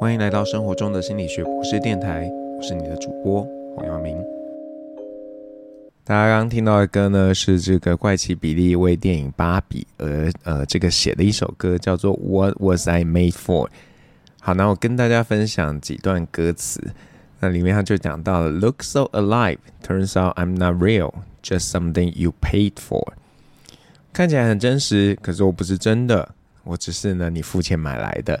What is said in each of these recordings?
歡迎來到生活中的心理學博士電台，我是你的主播黃耀明。大家剛剛聽到的歌呢，是這個怪奇比利為電影《芭比》而呃這個寫的一首歌，叫做《What Was I Made For》。好，那我跟大家分享幾段歌詞，那裡面它就講到了：Look so alive，turns out I'm not real，just something you paid for。看起來很真實，可是我不是真的，我只是呢你付錢買來的。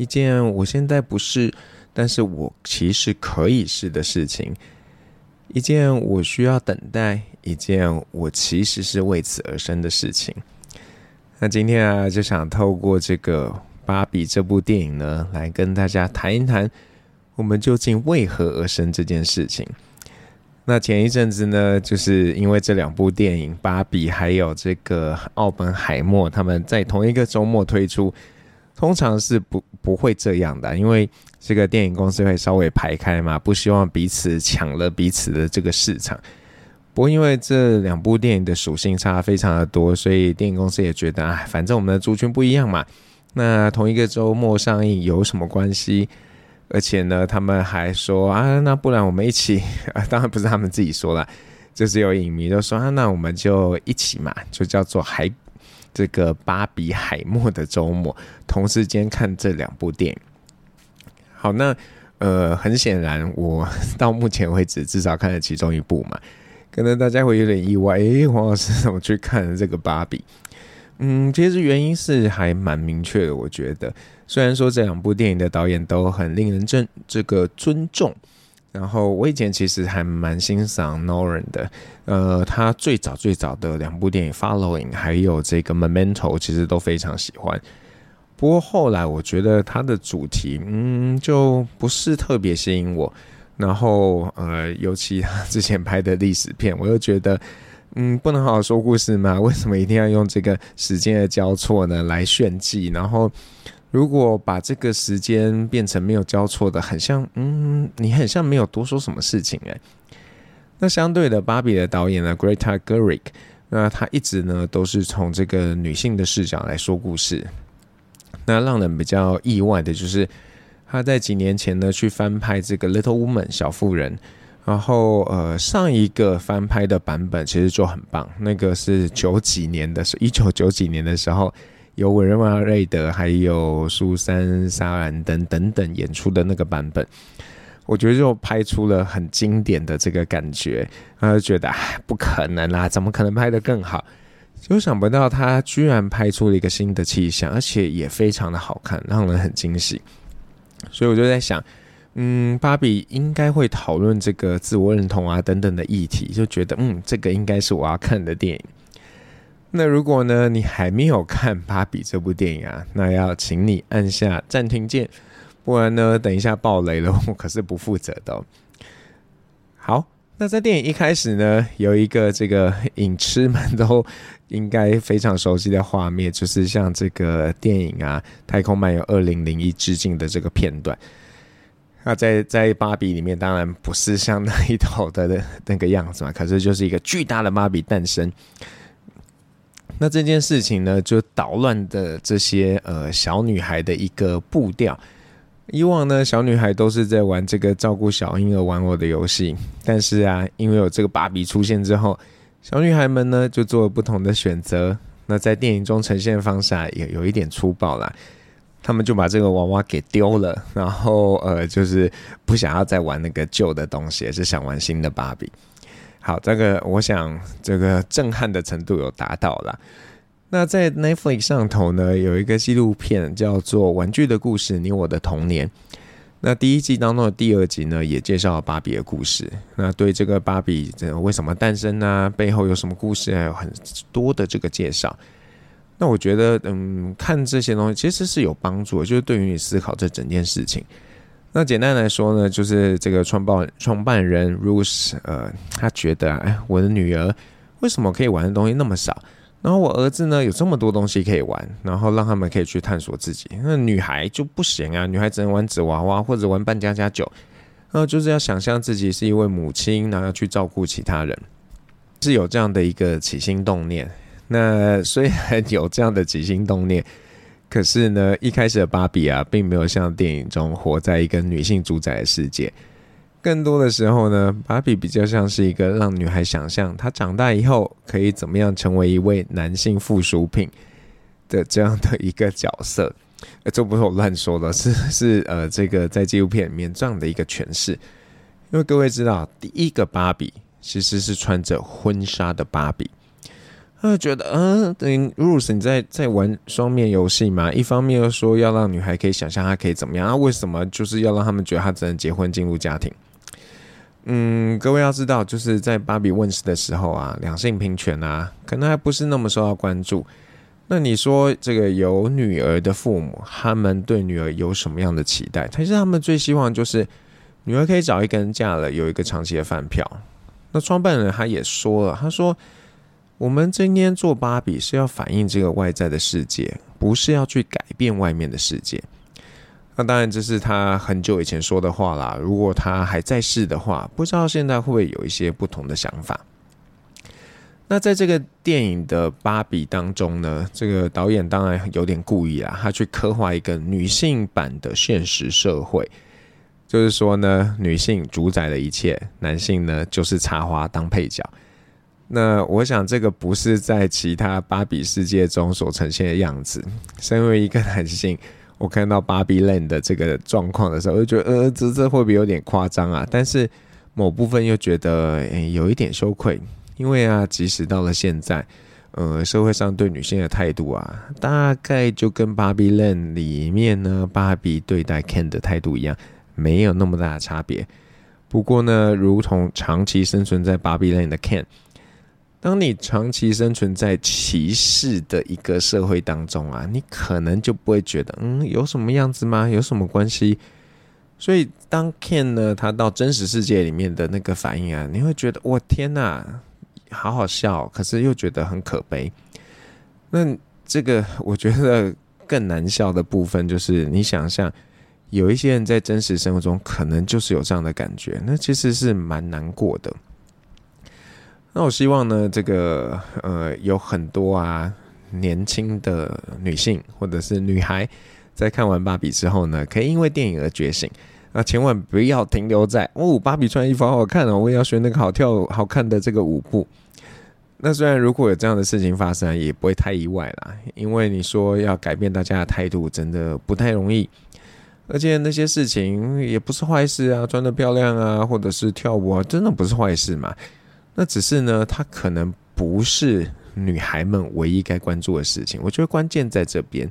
一件我現在不是，但是我其實可以是的事情；一件我需要等待，一件我其實是為此而生的事情。那今天啊，就想透過這個《芭比》這部電影呢，來跟大家談一談我們究竟為何而生這件事情。那前一陣子呢，就是因為這兩部電影《芭比》還有這個《奧本海默》，他們在同一個周末推出。通常是不不會這樣的，因為這個電影公司會稍微排開嘛，不希望彼此搶了彼此的這個市場。不過，因為這兩部電影的屬性差非常的多，所以電影公司也覺得，哎，反正我們的族群不一樣嘛，那同一個週末上映有什麼關係？而且呢，他們還說啊，那不然我們一起，啊、當然不是他們自己說啦，就是有影迷都說啊，那我們就一起嘛，就叫做海。這個芭比海默的周末，同時間看這兩部電影。好，那呃，很顯然，我到目前為止至少看了其中一部嘛，可能大家會有點意外，哎，黃老師怎麼去看這個芭比？嗯，其實原因是還蠻明確的，我覺得，雖然說這兩部電影的導演都很令人尊這個尊重。然後我以前其實還蠻欣賞諾蘭的，呃，他最早最早的兩部電影《Following》還有這個《Memento》，其實都非常喜歡。不過後來我覺得他的主題，嗯，就不是特別吸引我。然後，呃，尤其他之前拍的歷史片，我又覺得，嗯，不能好好說故事嘛？為什麼一定要用這個時間的交錯呢來炫技？然後。如果把這個時間變成沒有交錯的，很像，嗯，你很像沒有多說什麼事情誒、欸。那相對的，芭比的導演呢，Greta Gerwig，那她一直呢都是從這個女性的視角來說故事。那讓人比較意外的就是，她在幾年前呢去翻拍這個《Little Woman》小婦人，然後呃上一個翻拍的版本其實就很棒，那個是九幾年的，是一九九幾年的時候。有薇諾娜·瑞德，還有蘇珊·莎蘭登等等等演出的那個版本，我覺得就拍出了很經典的這個感覺。他就覺得啊，不可能啦，怎麼可能拍得更好？就想不到他居然拍出了一個新的氣象，而且也非常的好看，讓人很驚喜。所以我就在想，嗯，芭比應該會討論這個自我認同啊等等的議題，就覺得嗯，這個應該是我要看的電影。那如果呢，你還沒有看《芭比》這部電影啊，那要請你按下暫停鍵，不然呢，等一下爆雷了，我可是不負責的哦。好，那在電影一開始呢，有一個這個影痴們都應該非常熟悉的畫面，就是像這個電影啊《太空漫遊二零零一》致敬的這個片段。那在在《芭比》裡面，當然不是像那一套的的那個樣子嘛，可是就是一個巨大的芭比誕生。那這件事情呢，就搗亂的這些呃小女孩的一個步調。以往呢，小女孩都是在玩這個照顧小嬰兒玩偶的遊戲。但是啊，因為有這個芭比出現之後，小女孩們呢就做了不同的選擇。那在電影中呈現的方式啊，也有一點粗暴啦，他們就把這個娃娃給丟了，然後呃，就是不想要再玩那個舊的東西，也是想玩新的芭比。好，這個我想這個震撼的程度有達到了。那在 Netflix 上頭呢，有一個紀錄片叫做《玩具的故事：你我的童年》。那第一季當中的第二集呢，也介紹了芭比的故事。那對這個芭比，這為什麼誕生呢？背後有什麼故事？還有很多的這個介紹。那我覺得，嗯，看這些東西其實是有幫助的，就是對於你思考這整件事情。那簡單來說呢，就是這個創辦創辦人 Ruth，呃，他覺得哎、啊，我的女兒為什麼可以玩的東西那麼少？然後我兒子呢，有這麼多東西可以玩，然後讓他們可以去探索自己。那女孩就不行啊，女孩只能玩紙娃娃或者玩扮家家酒，然、呃、後就是要想象自己是一位母親，然後要去照顧其他人，是有這樣的一個起心動念。那雖然有這樣的起心動念。可是呢，一開始的芭比啊，並沒有像電影中活在一個女性主宰的世界。更多的時候呢，芭比比較像是一個讓女孩想象她長大以後可以怎麼樣成為一位男性附屬品的這樣的一個角色。呃，這不是我亂說的，是是呃，這個在紀錄片裡面這樣的一個詮釋。因為各位知道，第一個芭比其實是穿着婚紗的芭比。他覺得，嗯，等於 Rose 你在在玩雙面遊戲嘛？一方面又說要讓女孩可以想象她可以怎麼樣啊，為什麼就是要讓他們覺得她只能結婚進入家庭？嗯，各位要知道，就是在芭比問世的時候啊，兩性平權啊，可能還不是那麼受到關注。那你說，這個有女兒的父母，他們對女兒有什麼樣的期待？其實他們最希望就是女兒可以找一個人嫁了，有一個長期的飯票。那創辦人他也說了，他說。我們今天做芭比是要反映這個外在的世界，不是要去改變外面的世界。那當然這是他很久以前說的話啦。如果他還在世的話，不知道現在會不會有一些不同的想法。那在這個電影的芭比當中呢，這個導演當然有點故意啦，他去刻畫一個女性版的現實社會，就是說呢，女性主宰了一切，男性呢就是插花當配角。那我想，這個不是在其他芭比世界中所呈現的樣子。身為一個男性，我看到芭比 land 的這個狀況的時候，我就覺得，呃，這這會不會有點誇張啊？但是某部分又覺得，欸，有一點羞愧，因為啊，即使到了現在，呃，社會上對女性的態度啊，大概就跟芭比 land 裡面呢，芭比對待 Ken 的態度一樣，沒有那麼大的差別。不過呢，如同長期生存在芭比 land 的 Ken。當你長期生存在歧視的一個社會當中啊，你可能就不會覺得，嗯，有什麼樣子嗎？有什麼關係？所以當 Ken 呢，他到真實世界裡面的那個反應啊，你會覺得，我天哪，啊，好好笑，哦，可是又覺得很可悲。那這個我覺得更難笑的部分就是，你想象有一些人在真實生活中可能就是有這樣的感覺，那其實是蠻難過的。那我希望呢，這個呃，有很多啊年輕的女性或者是女孩，在看完芭比之後呢，可以因為電影而覺醒。那，啊，千萬不要停留在哦，芭比穿衣服好好看哦，我也要學那個好跳好看的這個舞步。那雖然如果有這樣的事情發生，也不會太意外啦，因為你說要改變大家的態度，真的不太容易。而且那些事情也不是壞事啊，穿得漂亮啊，或者是跳舞啊，真的不是壞事嘛。那只是呢，她可能不是女孩們唯一該關注的事情。我覺得關鍵在這邊，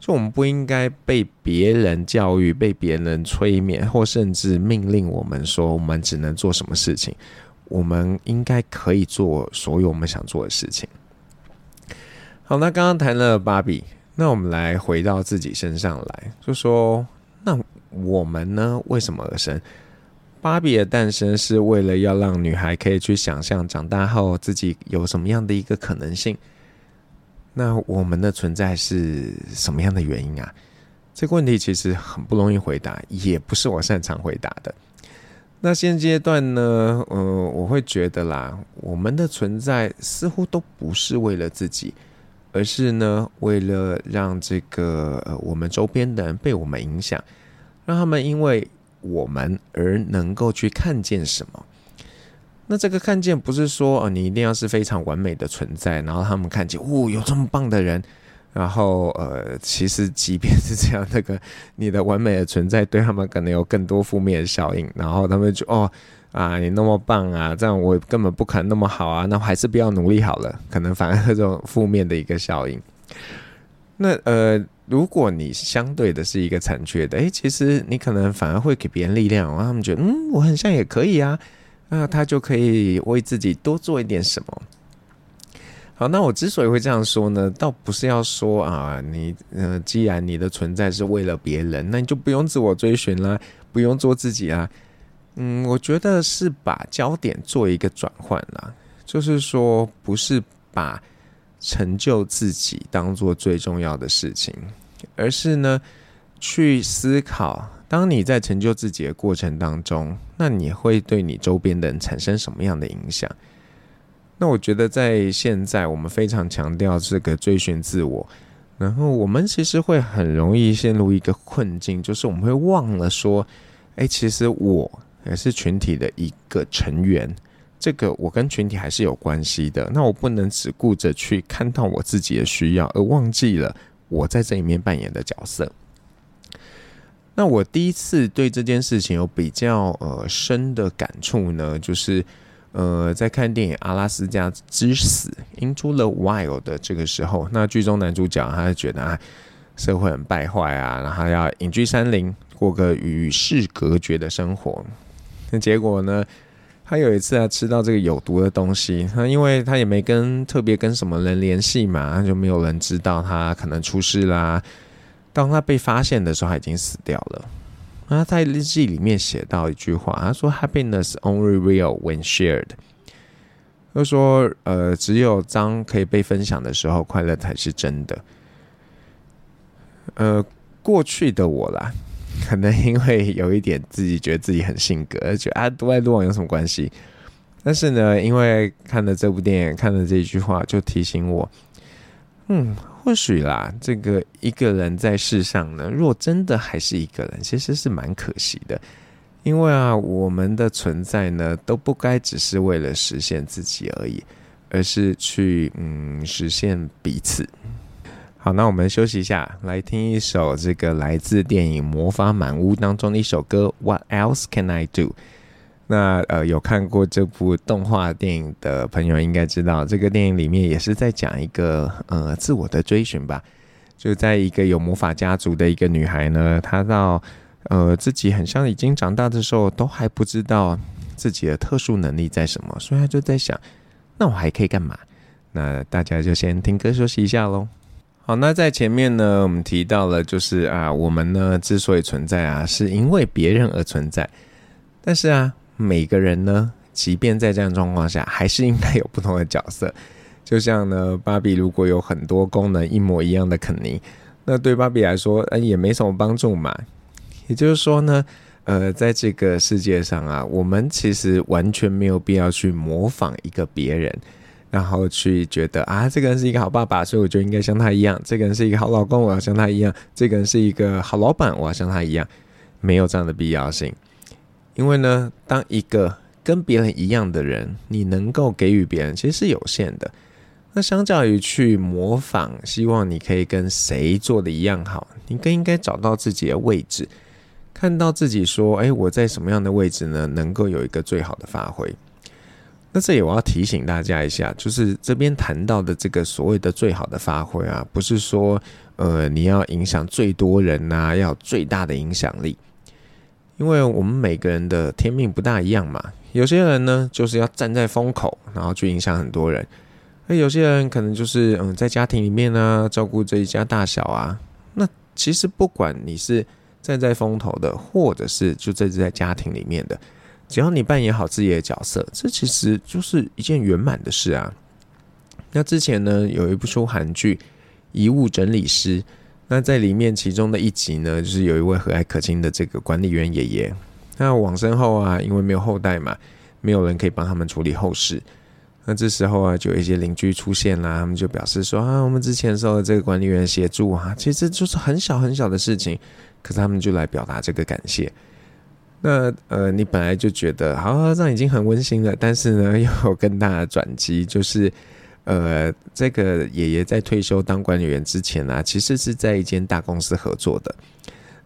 就我們不應該被別人教育、被別人催眠，或甚至命令我們說我們只能做什麼事情。我們應該可以做所有我們想做的事情。好，那剛剛談了芭比，那我們來回到自己身上來，就說那我們呢，為什麼而生？芭比的誕生是為了要讓女孩可以去想象長大後自己有什麼樣的一個可能性。那我們的存在是什麼樣的原因啊？這個問題其實很不容易回答，也不是我擅長回答的。那現階段呢，嗯、呃，我會覺得啦，我們的存在似乎都不是為了自己，而是呢，為了讓這個、呃、我們周邊的人被我們影響，讓他們因為。我們而能夠去看見什麼？那這個看見不是說哦，你一定要是非常完美的存在，然後他們看見，哦，有這麼棒的人，然後呃，其實即便是這樣，這、那個你的完美的存在對他們可能有更多負面的效應，然後他們就哦啊，你那麼棒啊，這樣我根本不可能那麼好啊，那還是不要努力好了，可能反而這種負面的一個效應。那呃，如果你相對的是一個殘缺的誒，其實你可能反而會給別人力量，讓他們覺得，嗯，我很像也可以啊，那他就可以為自己多做一點什麼。好，那我之所以會這樣說呢，倒不是要說啊，你、呃，既然你的存在是為了別人，那你就不用自我追尋了，不用做自己啊。嗯，我覺得是把焦點做一個轉換了，就是說，不是把，成就自己當做最重要的事情，而是呢，去思考：當你在成就自己的過程當中，那你會對你週邊的人產生什麼樣的影響？那我覺得，在現在我們非常強調這個追尋自我，然後我們其實會很容易陷入一個困境，就是我們會忘了說，欸，其實我也是群體的一個成員。這個我跟群體還是有關係的，那我不能只顧着去看到我自己的需要，而忘記了我在這裡面扮演的角色。那我第一次對這件事情有比較呃深的感觸呢，就是呃在看電影《阿拉斯加之死》（Into the Wild） 的這個時候，那劇中男主角他就覺得啊社會很敗壞啊，然後要隱居山林過個與世隔絕的生活，那結果呢？他有一次啊，吃到這個有毒的東西。他因為他也沒跟特別跟什麼人聯繫嘛，就沒有人知道他可能出事啦。當他被發現的時候，他已經死掉了。他在日記裡面寫到一句話，他說：“Happiness only real when shared.” 他說：“呃，只有當可以被分享的時候，快樂才是真的。”呃，過去的我啦。可能因為有一點自己覺得自己很性格，覺得啊獨來獨往有什麼關係？但是呢，因為看了這部電影，看了這句話，就提醒我，嗯，或許啦，這個一個人在世上呢，若真的還是一個人，其實是蠻可惜的。因為啊，我們的存在呢，都不該只是為了實現自己而已，而是去，嗯，實現彼此。好，那我們休息一下，來聽一首這個來自電影《魔法滿屋》當中的一首歌《What Else Can I Do?》。那呃，有看過這部動畫電影的朋友應該知道，這個電影裡面也是在講一個呃自我的追尋吧。就在一個有魔法家族的一個女孩呢，她到呃自己很像已經長大的時候，都還不知道自己的特殊能力在什麼，所以她就在想，那我還可以幹嘛？那大家就先聽歌休息一下嘍。好，那在前面呢，我們提到了，就是啊，我們呢之所以存在啊，是因為別人而存在。但是啊，每個人呢，即便在這樣狀況下，還是應該有不同的角色。就像呢，芭比如果有很多功能一模一樣的肯尼，那對芭比來說，嗯，也沒什麼幫助嘛。也就是說呢，呃，在這個世界上啊，我們其實完全沒有必要去模仿一個別人。然後去覺得啊，這個人是一個好爸爸，所以我就應該像他一樣；這個人是一個好老公，我要像他一樣；這個人是一個好老板，我要像他一樣。沒有這樣的必要性，因為呢，當一個跟別人一樣的人，你能夠給予別人其實是有限的。那相較於去模仿，希望你可以跟誰做的一樣好，你更應該找到自己的位置，看到自己說，哎，我在什麼樣的位置呢？能夠有一個最好的發揮。那這裡我要提醒大家一下，就是這邊談到的這個所謂的最好的發揮啊，不是說呃你要影響最多人吶、啊，要最大的影響力，因為我們每個人的天命不大一樣嘛。有些人呢就是要站在風口，然後去影響很多人；而有些人可能就是嗯在家庭裡面呢、啊、照顧這一家大小啊。那其實不管你是站在風頭的，或者是就這是在家庭裡面的。只要你扮演好自己的角色，這其實就是一件圓滿的事啊。那之前呢，有一部書韓劇《遺物整理師》，那在裡面其中的一集呢，就是有一位和藹可親的這個管理員爺爺。那往生後，啊，因為沒有後代嘛，沒有人可以幫他們處理後事。那這時候啊，就有一些鄰居出現啦，他們就表示說啊，我們之前受了這個管理員協助啊，其實就是很小很小的事情，可是他們就來表達這個感謝。那呃，你本來就覺得好、哦，這樣已經很溫馨了。但是呢，又有更大的轉機，就是呃，這個爺爺在退休當管理員之前啊，其實是在一間大公司合作的。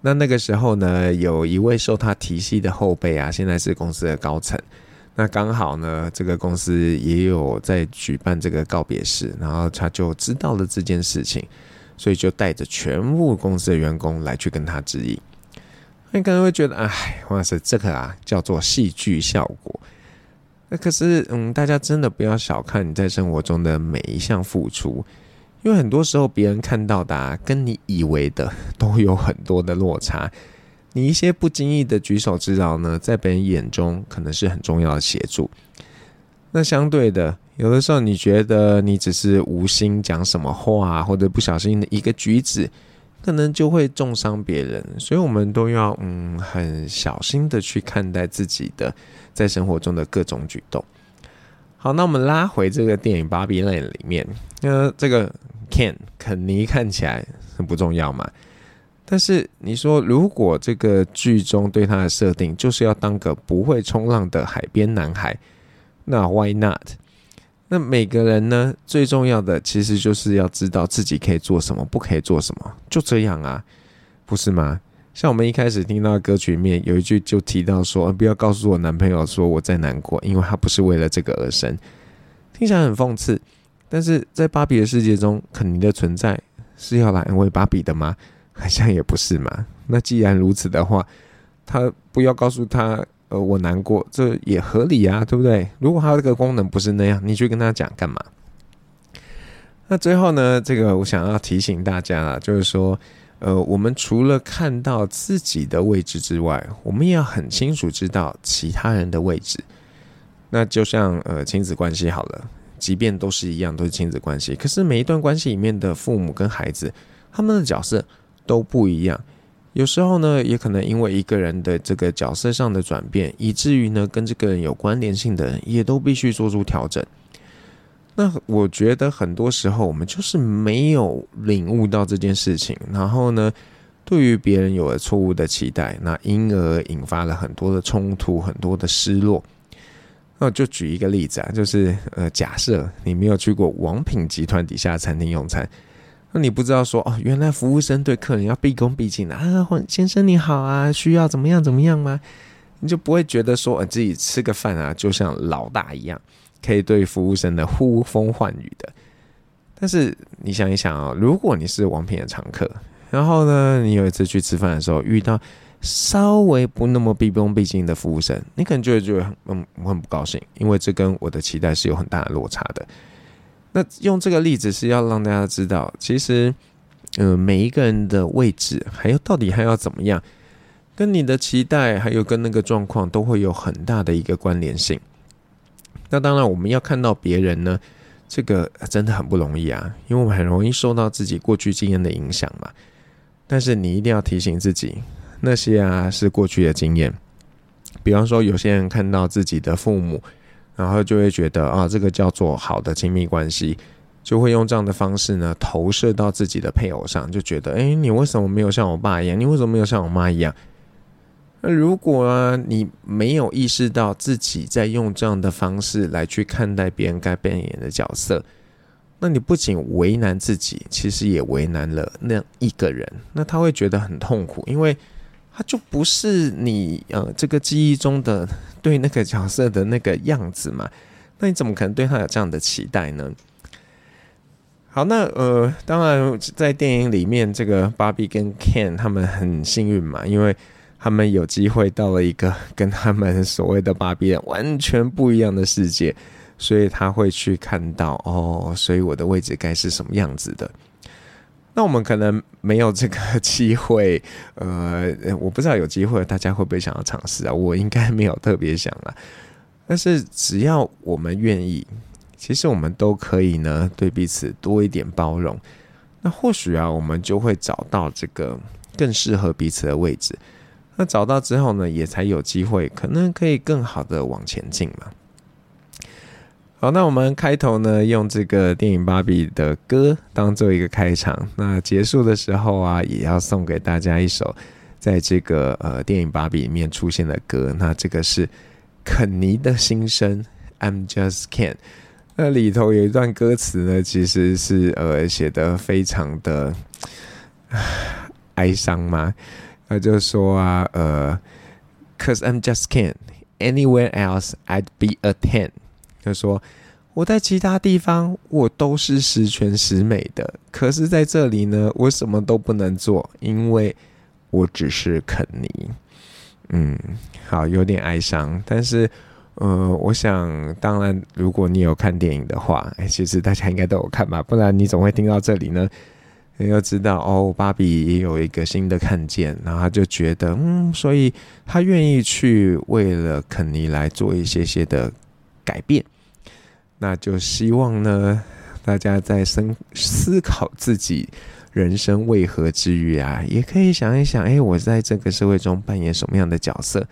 那那個時候呢，有一位受他提攜的後輩啊，現在是公司的高層。那剛好呢，這個公司也有在舉辦這個告別式，然後他就知道了這件事情，所以就帶着全部公司的員工來去跟他致意。你可能會覺得，哎，黃老師，這個啊叫做戲劇效果。那可是，嗯，大家真的不要小看你在生活中的每一項付出，因為很多時候別人看到的、啊、跟你以為的都有很多的落差。你一些不經意的舉手之勞呢，在別人眼中可能是很重要的協助。那相對的，有的時候你覺得你只是無心講什麼話，或者不小心的一個舉止，可能就會重傷別人，所以我們都要嗯，很小心的去看待自己的在生活中的各種舉動。好，那我們拉回這個電影《芭比 Land》裡面，那這個 Ken 肯尼看起來很不重要嘛？但是你說，如果這個劇中對他的設定就是要當個不會衝浪的海邊男孩，那 Why not？那每個人呢，最重要的其實就是要知道自己可以做什麼，不可以做什麼，就這樣啊，不是嗎？像我們一開始聽到的歌曲裡面有一句就提到說，不要告訴我男朋友說我在難過，因為他不是為了這個而生，聽起來很諷刺。但是在芭比的世界中，肯尼的存在是要來安慰芭比的嗎？好像也不是嘛。那既然如此的話，他不要告訴他。呃，我難過，這也合理啊，對不對？如果他這個功能不是那樣，你去跟他講幹嘛？那最後呢，這個我想要提醒大家啦，就是說，呃，我們除了看到自己的位置之外，我們也要很清楚知道其他人的位置。那就像呃親子關係好了，即便都是一樣都是親子關係，可是每一段關係裡面的父母跟孩子，他們的角色都不一樣。有時候呢，也可能因為一個人的這個角色上的轉變，以至於呢，跟這個人有關聯性的人也都必須做出調整。那我覺得很多時候我們就是沒有領悟到這件事情，然後呢，對於別人有了錯誤的期待，那因而引發了很多的衝突，很多的失落。那就舉一個例子啊，就是呃，假設你沒有去過王品集團底下的餐廳用餐。那你不知道說哦，原來服務生對客人要畢恭畢敬的啊，啊，先生你好啊，需要怎麼樣怎麼樣嗎？你就不會覺得說，呃，自己吃個飯啊，就像老大一樣，可以對服務生的呼風喚雨的。但是你想一想啊，哦，如果你是王品的常客，然後呢，你有一次去吃飯的時候遇到稍微不那麼畢恭畢敬的服務生，你可能就會覺得嗯很，很不高興，因為這跟我的期待是有很大的落差的。那用這個例子是要讓大家知道，其實，嗯、呃，每一個人的位置還有到底還要怎麼樣，跟你的期待還有跟那個狀況都會有很大的一個關聯性。那當然，我們要看到別人呢，這個真的很不容易啊，因為我們很容易受到自己過去經驗的影響嘛。但是你一定要提醒自己，那些啊是過去的經驗。比方說，有些人看到自己的父母。然後就會覺得啊，這個叫做好的親密關係，就會用這樣的方式呢，投射到自己的配偶上，就覺得哎，你為什麼沒有像我爸一樣？你為什麼沒有像我媽一樣？那如果啊，你沒有意識到自己在用這樣的方式來去看待別人該扮演的角色，那你不僅為難自己，其實也為難了那一個人，那他會覺得很痛苦，因為。他就不是你呃這個記憶中的對那個角色的那個樣子嘛。那你怎麼可能對他有這樣的期待呢？好，那呃，當然在電影裡面，這個芭比跟 Ken 他們很幸運嘛，因為他們有機會到了一個跟他們所謂的芭比完全不一樣的世界，所以他會去看到哦，所以我的位置該是什麼樣子的。那我們可能沒有這個機會，呃，我不知道有機會大家會不會想要嘗試啊？我應該沒有特別想啊。但是只要我們願意，其實我們都可以呢，對彼此多一點包容。那或許啊，我們就會找到這個更適合彼此的位置。那找到之後呢，也才有機會，可能可以更好的往前進嘛。好，那我們開頭呢，用這個電影《芭比》的歌當做一個開場。那結束的時候啊，也要送給大家一首在這個呃電影《芭比》裡面出現的歌。那這個是肯尼的心聲，“I'm just Ken”。那裡頭有一段歌詞呢，其實是呃寫的非常的哀傷嘛。那就說啊，呃，“Cause I'm just Ken, anywhere else I'd be a ten。”他說：“我在其他地方，我都是十全十美的。可是在這裡呢，我什麼都不能做，因為我只是肯尼。”嗯，好，有點哀傷。但是，呃，我想，當然，如果你有看電影的話，其實大家應該都有看吧，不然你總會聽到這裡呢。你要知道，哦，芭比也有一個新的看見，然後他就覺得，嗯，所以他願意去為了肯尼來做一些些的。改變，那就希望呢，大家在深思考自己人生為何之餘啊，也可以想一想，哎、欸，我在這個社會中扮演什麼樣的角色，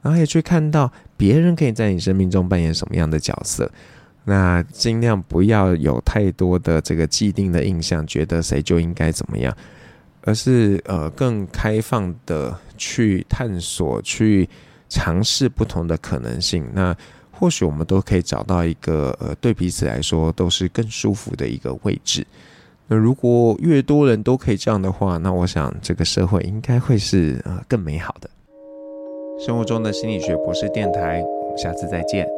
然後也去看到別人可以在你生命中扮演什麼樣的角色。那儘量不要有太多的這個既定的印象，覺得誰就應該怎麼樣，而是呃更開放的去探索，去嘗試不同的可能性。那。或許我們都可以找到一個呃，對彼此來說都是更舒服的一個位置。那、呃、如果越多人都可以這樣的話，那我想這個社會應該會是呃更美好的。生活中的心理學博士電台，我們下次再見。